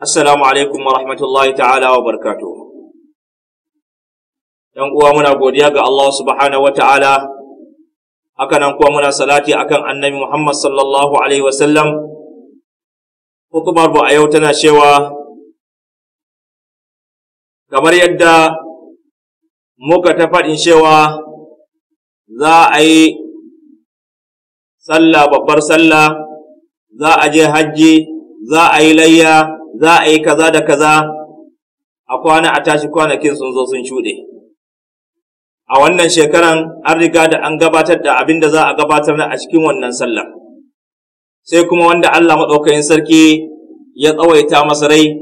Assalamu alaikum wa rahmatullahi ta'ala wa barkato. ‘Yan uwa muna godiya ga Allah subhanahu wa ta'ala, haka nan kuwa muna salati akan annabi Muhammad sallallahu Alaihi wasallam, hukumar ba a yau tana cewa, kamar yadda muka ta faɗin cewa za a yi sallah babbar sallah, za a je hajji, za a yi layya, za a yi kaza da kaza a kwana a tashi kwanakin sun zo sun shuɗe a wannan shekaran an riga da an gabatar da abin da za a gabatar a cikin wannan sallah sai kuma wanda Allah maɗaukakin sarki ya tsawaita masarai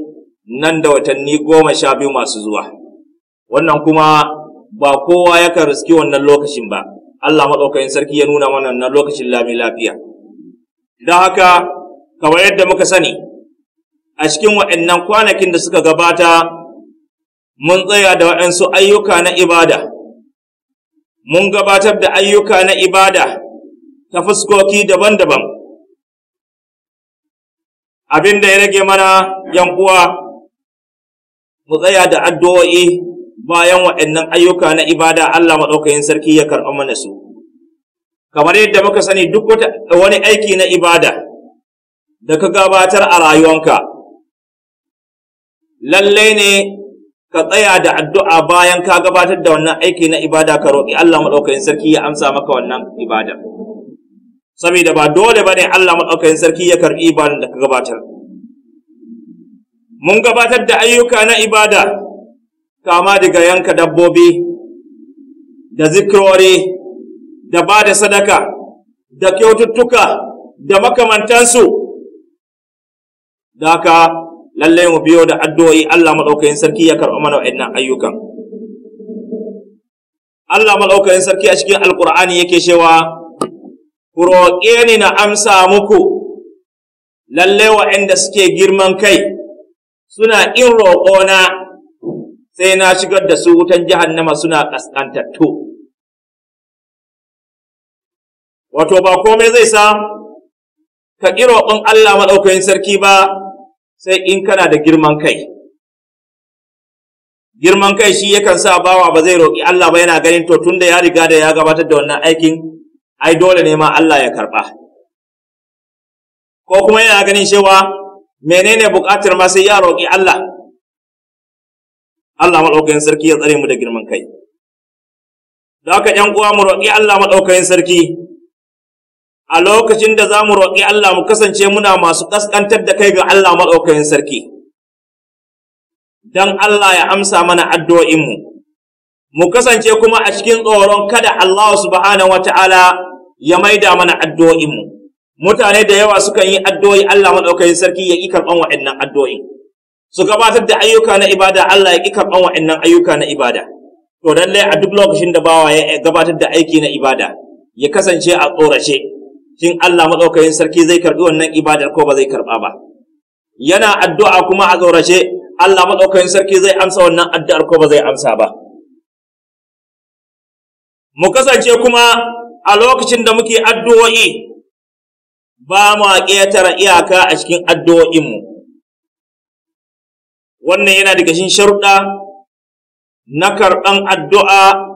nan da watanni goma sha biyu masu zuwa wannan kuma ba kowa ya kan riski wannan lokacin ba Allah maɗaukakin sarki ya nuna mana wannan lokacin lami lafiya don haka kamar yadda muka sani a cikin waɗannan kwanakin da suka gabata mun tsaya da waɗansu ayyuka na ibada mun gabatar da ayyuka na ibada ta fuskoki daban-daban abin da ya rage mana yan mu tsaya da addu'o'i bayan waɗannan ayyuka na ibada Allah maɗaukakin sarki ya karɓa mana su. Kamar yadda muka sani duk wani aiki na ibada da ka gabatar a rayuwanka, lallai ne ka tsaya da addu'a bayan ka gabatar da wannan aiki na ibada ka roƙi Allah maɗaukakin sarki ya amsa maka wannan ibada. Saboda ba dole ba ne Allah maɗaukakin sarki ya karɓi ibadan da ka gabatar. Mun gabatar da ayyuka na ibada, kama daga yanka dabbobi, da zikirori, da ba da sadaka, da kyaututtuka, da makamantansu. Da ka. lallai mu biyo da addu'o'i Allah madaukakin sarki ya karɓa mana wa'annan ayyukan Allah madaukakin sarki a cikin alqur'ani yake cewa ku roƙe ni na amsa muku lallai waɗanda suke girman kai suna in roƙona sai na shigar da su wutan jahannama suna ƙasƙantattu wato ba komai zai sa ka ƙi roƙon Allah madaukakin sarki ba sai in kana da girman kai girman kai shi yakan sa bawa ba zai roƙi Allah ba yana ganin to tunda ya riga da ya gabatar da wannan aikin ai dole ne ma Allah ya karɓa ko kuma yana ganin cewa menene buƙatar ma sai ya roƙi Allah Allah maɗaukakin sarki ya tsare mu da girman kai. Da haka ‘yan uwa mu roƙi Allah maɗaukakin sarki a lokacin da za mu roƙi Allah mu kasance muna masu ƙasƙantar da kai ga Allah maɗaukakin sarki, don Allah ya amsa mana addu'o'inmu. Mu kasance kuma a cikin tsoron kada Allah wa ta’ala ya maida mana addu'o'inmu. Mutane da yawa sukan yi addu'o'i Allah maɗaukakin sarki ya ƙi karɓan waɗannan addu'o'i. Su gabatar da ayyuka na ibada Allah ya ƙi karɓan waɗannan ayyuka na ibada. To a duk lokacin da bawa ya gabatar da aiki na ibada ya kasance a tsorace. shin Allah maɗaukakin sarki zai karɓi wannan ibadar ko ba zai karɓa ba yana addu'a kuma a tsorace Allah maɗaukakin sarki zai amsa wannan addu'ar ko ba zai amsa ba mu kasance kuma a lokacin da muke addu'o'i ba ma ƙetare iyaka a cikin addu'o'inmu wannan yana daga cikin sharuɗa na karɓan addu'a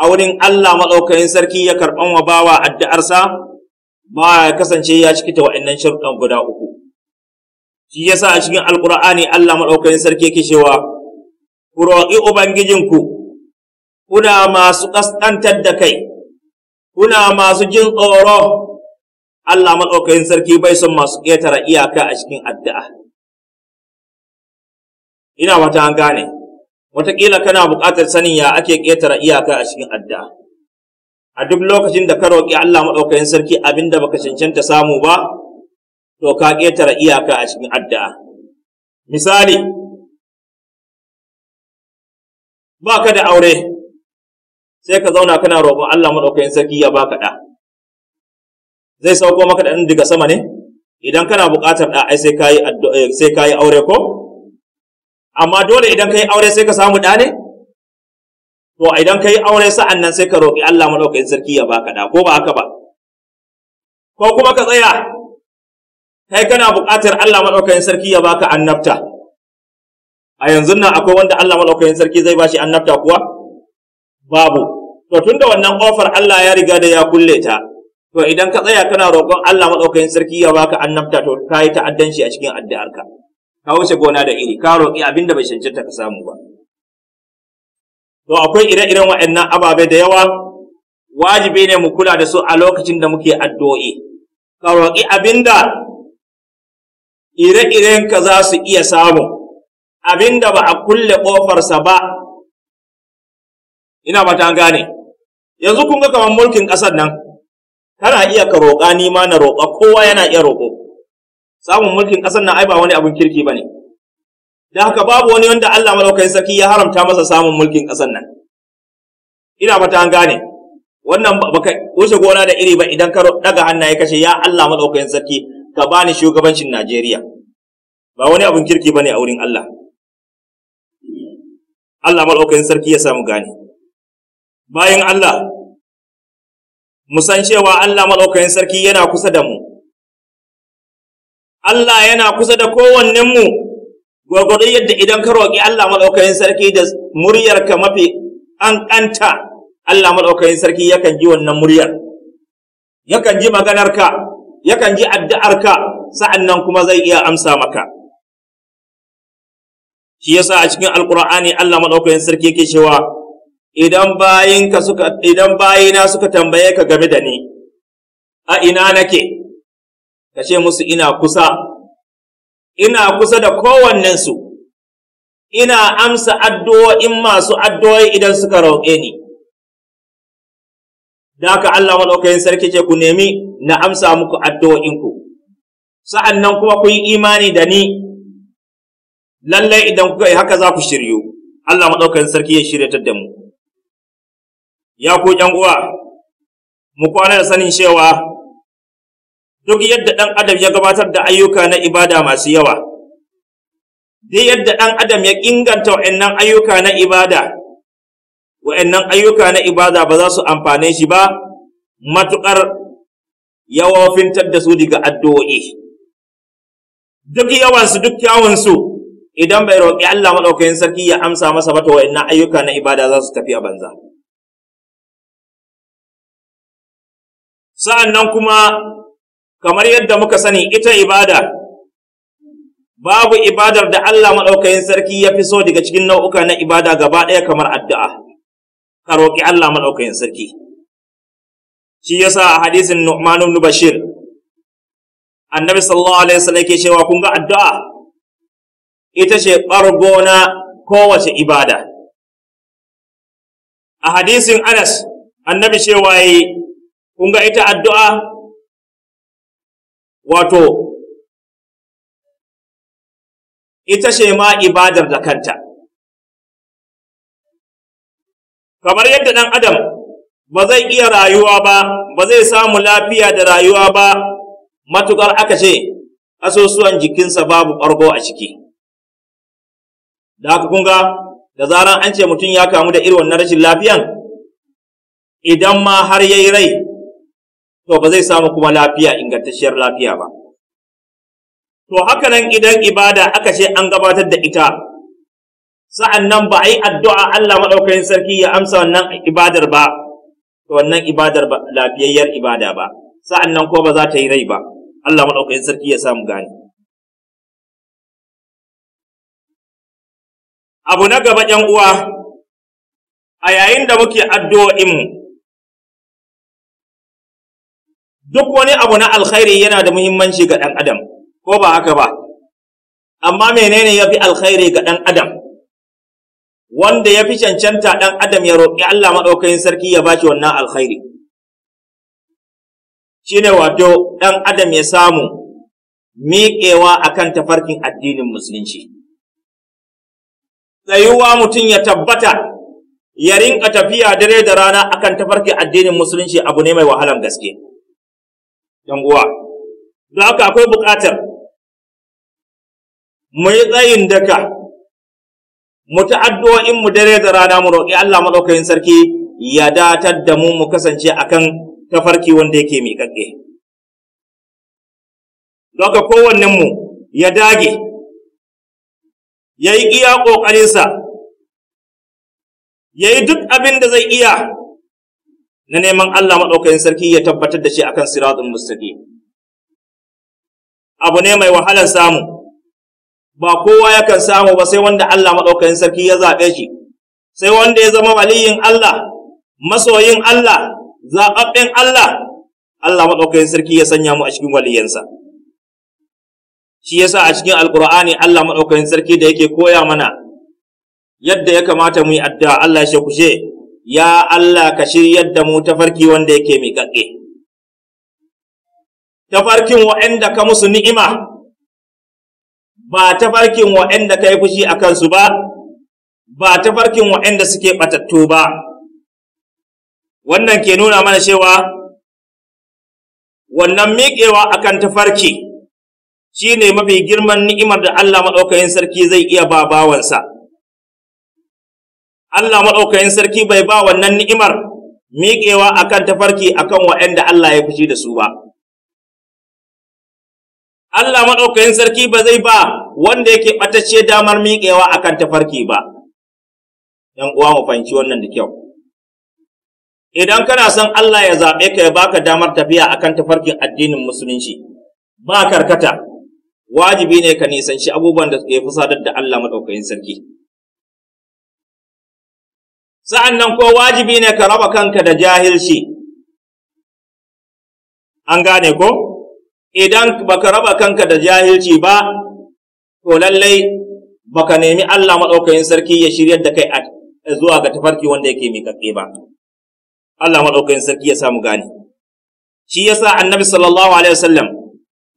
a wurin Allah maɗaukakin sarki ya karɓan wa bawa addu'arsa ba ya kasance ya ciki ta wa'annan shirɗan guda uku shi yasa a cikin alƙur'ani Allah maɗaukakin sarki yake cewa ku roƙi ubangijinku kuna masu ƙasƙantar da kai kuna masu jin tsoro Allah maɗaukakin sarki bai son masu ƙetare iyaka a cikin addu'a ina wata an gane wataƙila kana buƙatar sanin ya ake ƙetare iyaka a cikin addu'a a duk lokacin da ka roƙi Allah maɗaukakin sarki abinda da baka cancanta samu ba to ka ƙetare iyaka a cikin addu'a misali baka da aure sai ka zauna kana roƙon Allah maɗaukakin sarki ya baka da zai sauko maka da daga sama ne idan kana buƙatar da ai eh, sai ka yi aure ko amma dole idan kai aure sai ka samu ɗa ne to idan kai aure sa'an nan sai ka roƙi Allah madaukakin sarki ya baka ɗa ko ba haka ba ko kuma ka tsaya kai kana buƙatar Allah madaukakin sarki ya baka annabta a yanzu nan akwai wanda Allah madaukakin sarki zai bashi annabta kuwa babu to tunda wannan ƙofar Allah ya riga da ya kulle ta to idan ka tsaya kana roƙon Allah madaukakin sarki ya baka annabta to kai ta'addanci a cikin addu'arka ka wuce gona da iri ka roƙi abin da bai cancanta ka samu ba to akwai ire-iren waɗannan ababe da yawa wajibi ne mu kula da su a lokacin da muke addu'o'i ka roƙi abin da ire-iren ka za su iya samu abin da ba a kulle ƙofarsa ba ina ba ta gane yanzu kun ga kamar mulkin ƙasar nan kana iya ka roƙa ni ma na roƙa kowa yana iya roƙo samun mulkin ƙasar nan ai ba wani abin kirki ba ne. da haka babu wani wanda Allah malaukakin sarki ya haramta masa samun mulkin ƙasar nan ina fata an gane wannan ka wuce gona da iri ba idan ka daga hannaye kashe ya Allah malaukakin sarki ka bani shugabancin Najeriya ba wani abin kirki ne a wurin Allah Allah malaukakin sarki ya samu gane bayan Allah mu san cewa Allah malaukakin sarki yana kusa da mu Allah yana kusa da kowannenmu gwagwado yadda idan ka roƙi Allah maɗaukakin sarki da muryarka mafi ƙanƙanta Allah maɗaukakin sarki yakan ji wannan muryar yakan ji maganarka yakan ji addu'arka sa'an nan kuma zai iya amsa maka shi yasa a cikin alƙur'ani Allah maɗaukakin sarki yake cewa idan bayinka suka idan bayina suka tambaye ka game da ni a ina nake ka ce musu ina kusa ina kusa da kowannensu ina amsa addu'o'in masu addu'o'i idan suka roƙe ni da ka Allah maɗaukayin sarki ce ku nemi na amsa muku addu'o'inku sa'an nan kuma ku yi imani da ni lallai idan kuka yi haka za ku shiryu Allah maɗaukayin sarki ya shirya da mu ya ku uwa mu kwana da sanin cewa duk yadda ɗan adam ya gabatar da ayyuka na ibada masu yawa duk yadda ɗan adam ya inganta wa'annan ayyuka na ibada wa'annan ayyuka na ibada ba za su amfane shi ba matuƙar ya da su daga addu'o'i duk yawansu duk kyawunsu idan bai roƙi Allah maɗaukakin sarki ya amsa masa ba to wa'annan ayyuka na ibada za su tafi a banza. Sa'an kuma kamar yadda muka sani ita ibada babu ibadar da Allah maɗaukakin sarki ya fi so daga cikin nau'uka na ibada gaba ɗaya kamar addu'a ka roƙi Allah maɗaukakin sarki shi yasa a hadisin Nu'man ibn Bashir annabi sallallahu alaihi wasallam yake cewa kun ga addu'a ita ce ɓargo na kowace ibada a hadisin Anas annabi cewa yi kun ga ita addu'a wato ita ce ma ibadar da kanta kamar yadda ɗan adam ba zai iya rayuwa ba ba zai samu lafiya da rayuwa ba matuƙar aka ce asusuwan jikinsa babu ɓargo a ciki da haka kunga da zaran an ce mutum ya kamu da irin wannan rashin lafiyan idan ma har yayi rai to ba zai samu kuma lafiya ingantacciyar lafiya ba to haka nan idan ibada aka ce an gabatar da ita sa'an nan ba a yi addu'a Allah maɗaukakin sarki ya amsa wannan ibadar ba to wannan ibadar ba lafiyayyar ibada ba sa'an nan ko ba za ta yi rai ba Allah maɗaukakin sarki ya samu gani abu na gaba ‘yan uwa, a yayin da muke addu'o'inmu, duk wani abu na alkhairi yana da muhimmanci ga ɗan adam ko ba haka ba amma menene ya fi alkhairi ga ɗan adam wanda ya fi cancanta ɗan adam ya roƙi Allah maɗaukakin sarki ya ba shi wannan alkhairi shine wato ɗan adam ya samu miƙewa akan tafarkin addinin musulunci tsayuwa mutum ya tabbata ya rinka tafiya dare da rana akan tafarkin addinin musulunci abu ne mai wahalan gaske. ‘yan uwa. Da haka akwai buƙatar mu yi tsayin daka, mu in mu dare da rana mu roƙi Allah maɗaukakin sarki ya datar da mu mu kasance akan tafarki wanda yake miƙaƙe. Doka haka kowannenmu ya dage, ya yi iya ƙoƙarinsa, ya yi duk abin da zai iya na neman Allah maɗaukakin sarki ya tabbatar da shi akan siratun mustaqim abu ne mai wahalar samu ba kowa yakan samu ba sai wanda Allah maɗaukakin sarki ya zaɓe shi sai wanda ya zama waliyin Allah masoyin Allah zaɓaɓɓen Allah Allah maɗaukakin sarki ya sanya mu a cikin waliyansa shi yasa a cikin alkur'ani Allah maɗaukakin sarki da yake koya mana yadda ya kamata mu yi addu'a Allah ya shekushe ya Allah ka shiryar da mu tafarki wanda yake miƙaƙe. Tafarkin wa'yanda ka musu ni'ima, ba tafarkin wa'yanda ka yi fushi a kansu ba, ba tafarkin wa'yanda suke ɓatattu ba. Wannan ke nuna mana cewa wannan miƙewa a akan tafarki shi ne mafi girman ni'imar da Allah maɗaukakin sarki zai iya ba bawansa. Allah maɗaukakin sarki bai ba wannan ni'imar miƙewa akan tafarki akan waɗanda Allah ya fushi da su ba. Allah maɗaukakin sarki ba zai ba wanda yake ɓatacce damar miƙewa akan tafarki ba. ‘Yan uwa mu fahimci wannan da kyau. Idan kana son Allah ya zaɓe ka ya baka damar tafiya akan tafarkin addinin musulunci, ba karkata, wajibi ne ka nisanci abubuwan da ya fi da Allah maɗaukakin sarki. sa'an nan ko wajibi ne ka raba kanka da jahilci an gane ko idan baka raba kanka da jahilci ba to lallai baka nemi Allah maɗaukakin sarki ya shirya da kai zuwa ga tafarki wanda yake miƙaƙe ba Allah maɗaukakin sarki ya samu gane shi yasa annabi sallallahu alaihi wasallam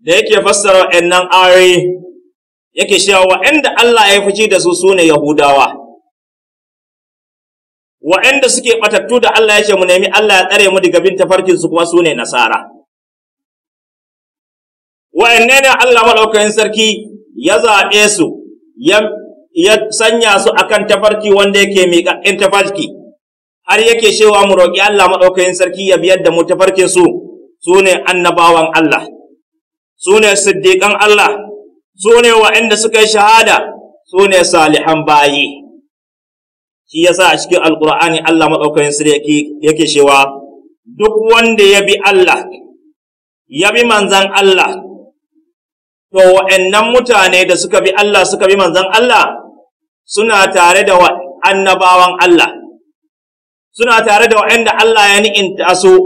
da yake fassara wa'annan ayoyi yake cewa wa'anda Allah ya fice da su sune yahudawa wa'anda suke batattu da Allah ya ce mu nemi Allah ya tsare mu daga bin tafarkin su kuma sune nasara wa'anne ne Allah madaukakin sarki ya zaɓe su ya sanya su akan tafarki wanda yake miƙaƙƙen tafarki har yake cewa mu roƙi Allah madaukakin sarki ya biyar da mu tafarkin su sune annabawan Allah sune siddiƙan Allah sune wa'anda suka yi shahada sune salihan bayi shi yasa a cikin alkur'ani Allah maɗaukakin sarki yake cewa duk wanda ya bi Allah ya bi manzan Allah to wa'annan mutane da suka bi Allah suka bi manzan Allah suna tare da annabawan Allah suna tare da wa'anda Allah ya ni'inta su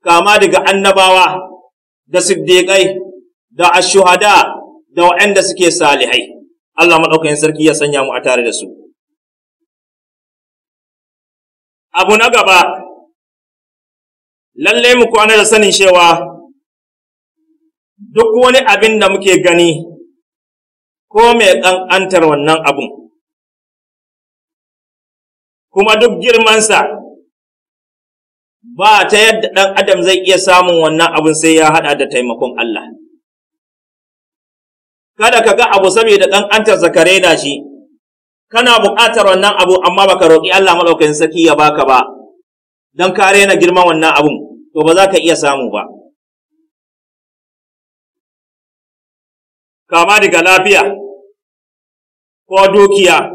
kama daga annabawa da siddiƙai da ashuhada da wa'anda suke salihai Allah maɗaukakin sarki ya sanya mu a tare da su abu na gaba lallai mu kwana da sanin cewa duk wani abin da muke gani ko mai ƙanƙantar wannan abun kuma duk girmansa ba ta yadda ɗan adam zai iya samun wannan abun sai ya haɗa da taimakon Allah. Kada ka ga abu saboda ɗan antar zakare da shi, kana buƙatar wannan abu amma baka roƙi Allah maɗaukakin sarki ya baka ba don ka rena girman wannan abun to ba za ka iya samu ba kama daga lafiya ko dukiya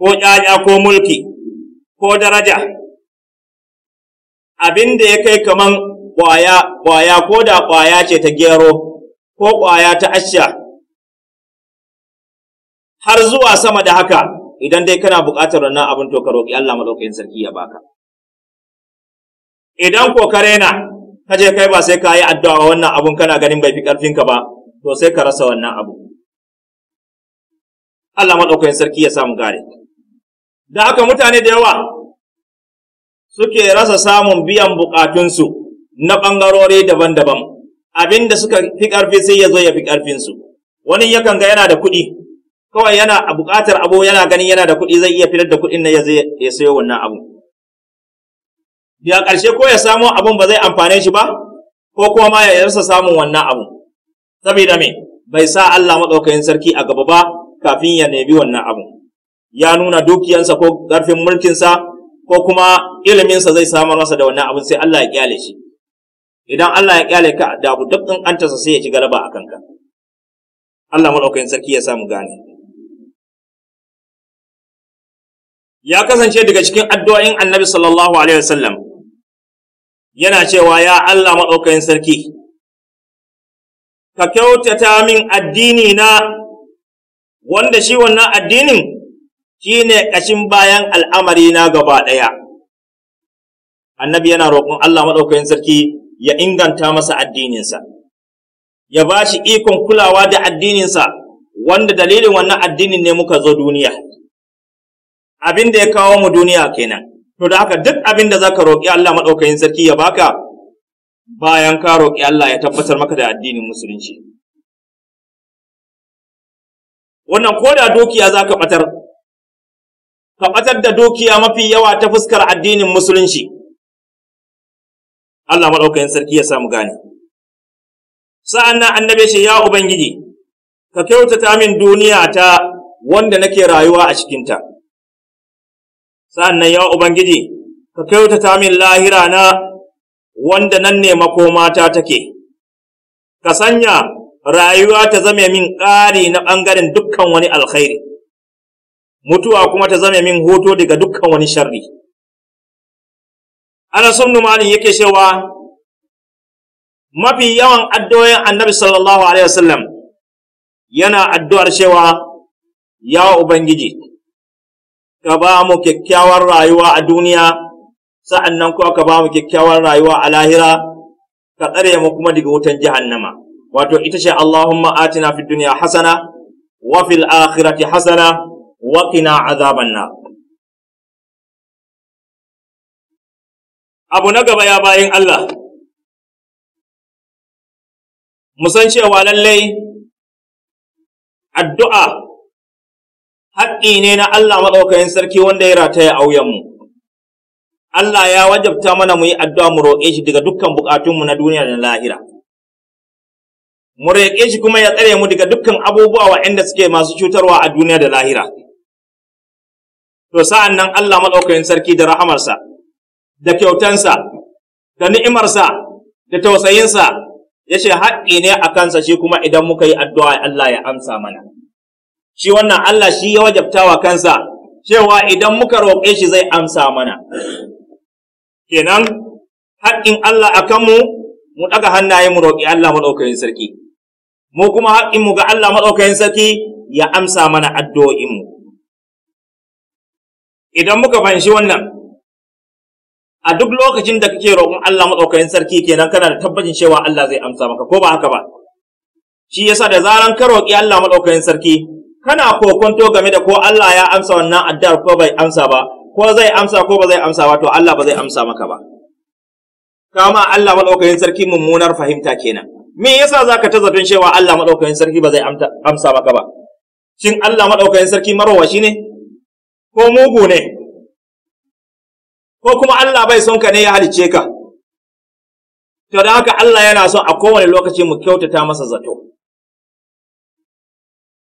ko ƴaƴa ko mulki ko daraja abin da ya kai kaman ƙwaya ƙwaya ko da ƙwaya ce ta gero ko ƙwaya ta asha har zuwa sama da haka idan dai kana buƙatar wannan abin to ka roƙi Allah madaukakin sarki ya baka idan ko ka rena ka je kai ba sai ka yi addu'a wannan abun kana ganin bai fi ƙarfinka ba to sai ka rasa wannan abu Allah madaukakin sarki ya samu gare da haka mutane da yawa suke rasa samun biyan buƙatunsu na bangarori daban-daban abinda suka fi ƙarfi sai ya zo ya fi ƙarfinsu wani yakan ga yana da kuɗi kawai yana a buƙatar abu yana ganin yana da kuɗi zai iya fitar da kuɗin nan ya sayo wannan abu Biya ƙarshe ko ya samo abun ba zai amfane shi ba ko kuma ma ya rasa samun wannan abu saboda me bai sa Allah madaukakin sarki a gaba ba kafin ya nemi wannan abu ya nuna dukiyansa ko ƙarfin mulkinsa ko kuma iliminsa zai samar masa da wannan abu sai Allah ya kyale shi idan Allah ya kyale ka da abu duk an tasa sai ya ci galaba a kanka Allah madaukakin sarki ya samu gane ya kasance daga cikin addu'o'in annabi sallallahu alaihi wasallam yana cewa ya Allah maɗaukayin sarki ka kyautata min addini na wanda shi wannan addinin shi ne ƙashin bayan al'amari na gaba ɗaya annabi yana roƙon Allah maɗaukayin sarki ya inganta masa addininsa ya ba shi ikon kulawa da addininsa wanda dalilin wannan addinin ne muka zo duniya abin da ya kawo mu duniya kenan to da haka duk abin da zaka roƙi Allah madaukakin sarki ya baka bayan ka roƙi Allah ya tabbatar maka da addinin musulunci wannan ko da dukiya zaka batar ka batar da dukiya mafi yawa ta fuskar addinin musulunci Allah madaukakin sarki ya samu gane sa'an nan annabi shi ya ubangiji ka kyautata min duniya ta wanda nake rayuwa a cikinta ta sa'annan ya ubangiji ka kyautata min lahira na wanda nan ne makomata take ka sanya rayuwa ta zame min ƙari na ɓangaren dukkan wani alkhairi mutuwa kuma ta zame min hoto daga dukkan wani sharri Ana sun yake cewa mafi yawan addu'o'in Annabi sallallahu alaihi wasallam yana addu'ar cewa ya Ubangiji ka ba mu kyakkyawar rayuwa a duniya sa'an nan kuma ka ba mu kyakkyawar rayuwa a lahira ka tsare mu kuma daga wutan jahannama wato ita ce Allahumma atina fi duniya hasana wa fil akhirati hasana wa qina azaban abu na gaba ya bayin Allah mu san cewa lallai addu'a haƙƙi ne na Allah maɗaukakin sarki wanda ya rataya a wuyanmu. Allah ya wajabta mana mu yi addu'a mu roƙe shi daga dukkan buƙatunmu na duniya da lahira. Mu roƙe shi kuma ya tsare mu daga dukkan abubuwa waɗanda suke masu cutarwa a duniya da lahira. To sa'an nan Allah maɗaukakin sarki da rahamarsa, da kyautansa, da ni'imarsa, da tausayinsa, ya ce haƙƙi ne a kansa shi kuma idan muka yi addu'a Allah ya amsa mana. shi wannan Allah shi ya wajabtawa kansa cewa idan muka roƙe shi zai amsa mana kenan haƙƙin Allah a kanmu mu ɗaga hannaye mu roƙi Allah maɗaukakin sarki mu kuma haƙƙin mu ga Allah maɗaukakin sarki ya amsa mana addu'o'inmu idan muka fahimci wannan a duk lokacin da kake roƙon Allah maɗaukakin sarki kenan kana da tabbacin cewa Allah zai amsa maka ko ba haka ba shi yasa da zaran ka roƙi Allah maɗaukakin sarki kana kokonto game da ko Allah ya amsa wannan addu'ar ko bai amsa ba ko zai amsa ko ba zai amsa ba to Allah ba zai amsa maka ba kama Allah madaukakin sarki mummunar fahimta kenan me yasa zaka ta zaton cewa Allah madaukakin sarki ba zai amsa maka ba shin Allah madaukakin sarki marowashi ne ko mugu ne ko kuma Allah bai son ka ne ya halicce ka to da haka Allah yana so a kowane lokaci mu kyautata masa zato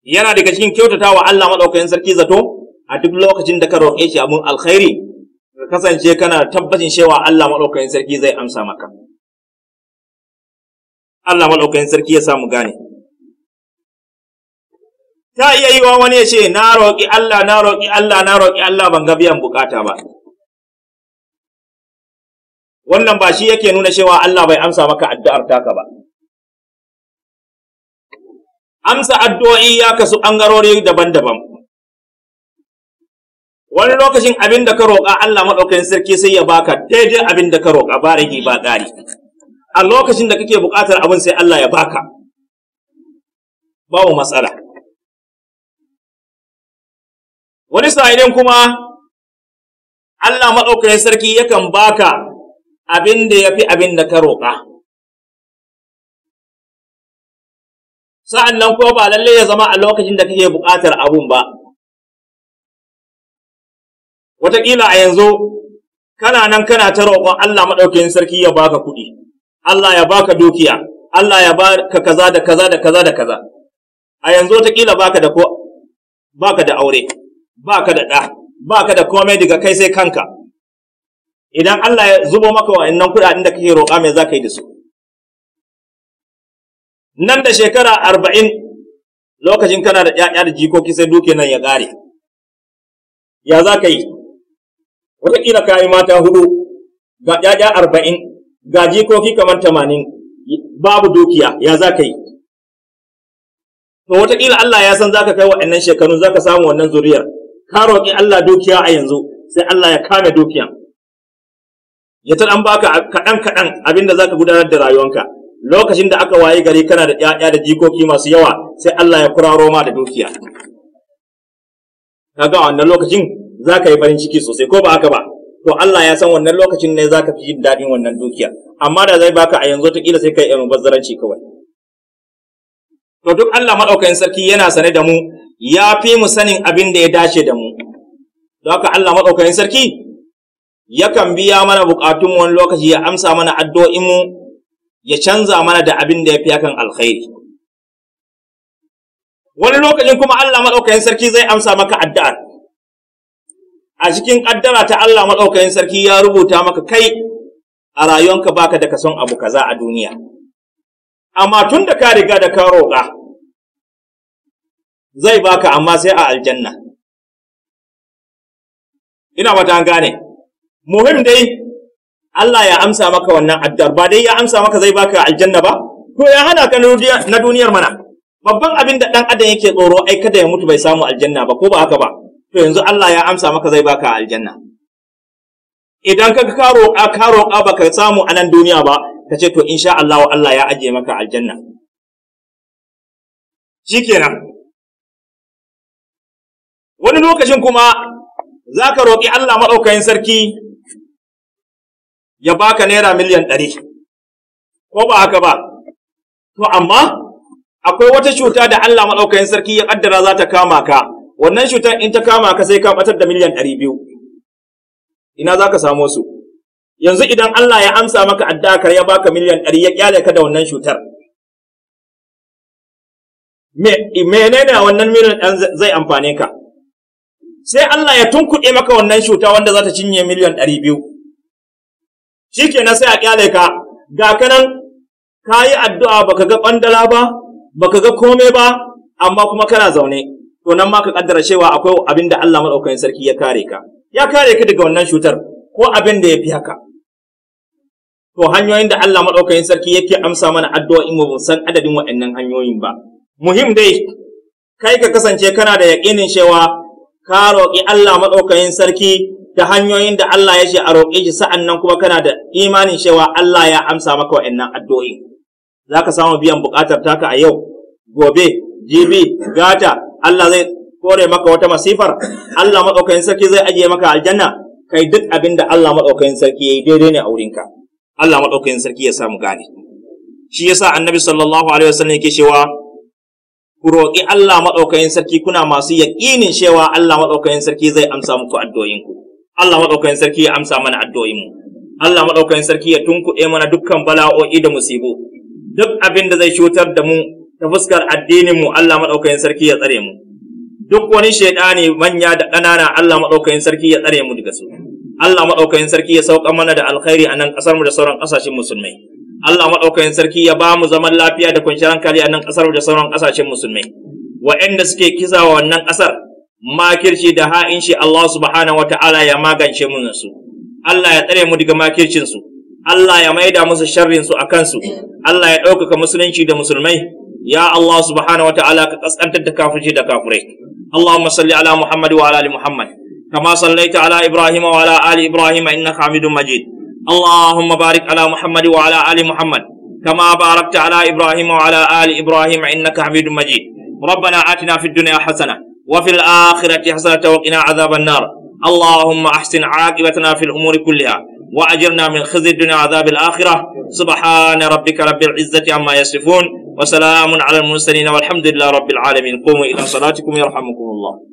yana daga cikin kyautata wa Allah madaukakin sarki zato a duk lokacin da ka roƙe shi abin alkhairi ka kasance kana tabbacin cewa Allah madaukakin sarki zai amsa maka Allah madaukakin sarki ya samu gane ta iya yi wa wani ya ce na roƙi Allah na roƙi Allah na roƙi Allah ban ga biyan bukata ba wannan ba shi yake nuna cewa Allah bai amsa maka addu'ar taka ba amsa addu'o'i ya kasu ɓangarori daban-daban wani lokacin abin da ka roƙa Allah maɗaukakin sarki sai ya baka daidai abin da ka roƙa ba rage ba ƙari a lokacin da kake buƙatar abin sai Allah ya baka babu matsala wani idan kuma Allah maɗaukakin sarki yakan baka abin da ya fi abin da ka roƙa sa'an nan kuma ba lallai ya zama a lokacin da kake buƙatar abun ba. Wataƙila a yanzu kana nan kana ta roƙon Allah maɗaukakin sarki ya baka kuɗi, Allah ya baka dukiya, Allah ya baka kaza da kaza da kaza da kaza. A yanzu wataƙila baka da ko baka da aure, baka da ɗa, baka da komai daga kai sai kanka. Idan Allah ya zubo maka wa'annan kuɗaɗen da kake roƙa me za ka yi da su? nan da shekara arba'in lokacin kana da ‘ya'ya da jikoki sai duke nan ya ƙare ya za ka yi wataƙila ka yi mata hudu ga ƴaƴa arba'in ga jikoki kamar tamanin babu dukiya ya za ka yi wataƙila Allah ya san za ka kai waɗannan shekaru za ka samu wannan zuriyar ka roƙi Allah dukiya a yanzu sai Allah ya kame dukiya ya ta ɗan baka kaɗan kaɗan abin da za ka gudanar da rayuwanka lokacin da aka waye gari kana da ƴaƴa da jikoki masu yawa sai Allah ya kuraro ma da dukiya kaga wannan lokacin zaka yi farin ciki sosai ko ba haka ba to Allah ya san wannan lokacin ne zaka fi jin daɗin wannan dukiya amma da zai baka a yanzu ta kila sai kai yan bazzaranci kawai to duk Allah madaukakin sarki yana sane da mu ya fi mu sanin abin da ya dace da mu don haka Allah madaukakin sarki yakan biya mana bukatun wani lokaci ya amsa mana addu'o'in mu ya canza mana da abin da ya fi hakan alkhairi wani lokacin kuma Allah maɗaukakin sarki zai amsa maka addu'ar a cikin ƙaddara ta Allah maɗaukakin sarki ya rubuta maka kai a rayuwanka baka da kason abu kaza a duniya amma tun da ka riga da ka roƙa zai baka amma sai a aljanna ina mata gane muhim dai Allah ya amsa maka wannan addu'ar ba dai ya amsa maka zai baka aljanna ba to ya hana ka na duniyar mana babban abin da dan adam yake tsoro ai kada ya mutu bai samu aljanna ba ko ba haka ba to yanzu Allah ya amsa maka zai baka aljanna idan ka karo a karo a baka samu a nan duniya ba ka ce to insha Allah Allah ya aje maka aljanna Shi kenan. wani lokacin kuma zaka ka roƙi Allah madaukakin sarki ya baka naira miliyan ɗari ko ba haka ba to amma akwai wata cuta da Allah maɗaukakin sarki ya ƙaddara za ta kama ka wannan cutar in ta kama ka sai ka ɓatar da miliyan ɗari biyu ina za ka samo su yanzu idan Allah ya amsa maka addakar ya baka miliyan ɗari ya ƙyale ka da wannan cutar menene wannan miliyan ɗan zai amfane ka sai Allah ya tunkuɗe maka wannan cuta wanda za ta cinye miliyan ɗari biyu shi kenan sai a kyale ka ga kanan ka yi addu'a ba ka ga ɓandala ba ba ka ga kome ba amma kuma kana zaune to nan ma ka ƙaddara cewa akwai abin da Allah maɗaukakin sarki ya kare ka ya kare ka daga wannan cutar ko abin da ya fi haka to hanyoyin da Allah maɗaukakin sarki yake amsa mana addu'a addu'o'in mu san adadin waɗannan hanyoyin ba muhim dai kai ka kasance kana da yaƙinin cewa ka roƙi Allah maɗaukakin sarki ta hanyoyin da Allah ya ce a roƙe shi sa'an nan kuma kana da imanin cewa Allah ya amsa maka wa'annan addu'o'i. Za ka samu biyan buƙatar taka a yau, gobe, jibi, gata, Allah zai kore maka wata masifar, Allah maɗaukakin sarki zai ajiye maka aljanna, kai duk abin da Allah maɗaukakin sarki ya yi daidai ne a wurinka. Allah maɗaukakin sarki ya samu gane. Shi yasa annabi sallallahu alaihi wasallam yake cewa ku roƙi Allah maɗaukakin sarki kuna masu yaƙinin cewa Allah maɗaukakin sarki zai amsa muku addu'o'inku. Allah maɗaukakin sarki ya amsa mana addu'o'inmu Allah maɗaukakin sarki ya tunkuɗe mana dukkan bala'o'i da musibu duk abin da zai cutar da mu ta fuskar addininmu Allah maɗaukakin sarki ya tsare mu duk wani shaidani manya da ƙanana Allah maɗaukakin sarki ya tsare mu daga su Allah maɗaukakin sarki ya sauka mana da alkhairi a nan ƙasarmu da sauran ƙasashen musulmai Allah maɗaukakin sarki ya ba mu zaman lafiya da kwanciyar hankali a nan ƙasarmu da sauran ƙasashen musulmai wa'anda suke kisa wa wannan ƙasar makirci da ha'inci Allah subhanahu ta'ala, ya magance mun su Allah ya tsare mu daga makircin su Allah ya maida musu sharrin su akan su Allah ya ɗaukaka musulunci da musulmai ya Allah subhanahu ta'ala ka kaskantar da kafirci da kafirai Allahumma salli ala Muhammad wa ala ali Muhammad kama sallaita ala Ibrahim wa ala ali Ibrahim innaka Hamidum Majid Allahumma barik ala Muhammad wa ala ali Muhammad kama barakta ala Ibrahim wa ala ali Ibrahim innaka Hamidum Majid ربنا آتنا في الدنيا حسنه وفي الآخرة حسنة وقنا عذاب النار اللهم أحسن عاقبتنا في الأمور كلها وأجرنا من خزي الدنيا عذاب الآخرة سبحان ربك رب العزة عما يصفون وسلام على المرسلين والحمد لله رب العالمين قوموا إلى صلاتكم يرحمكم الله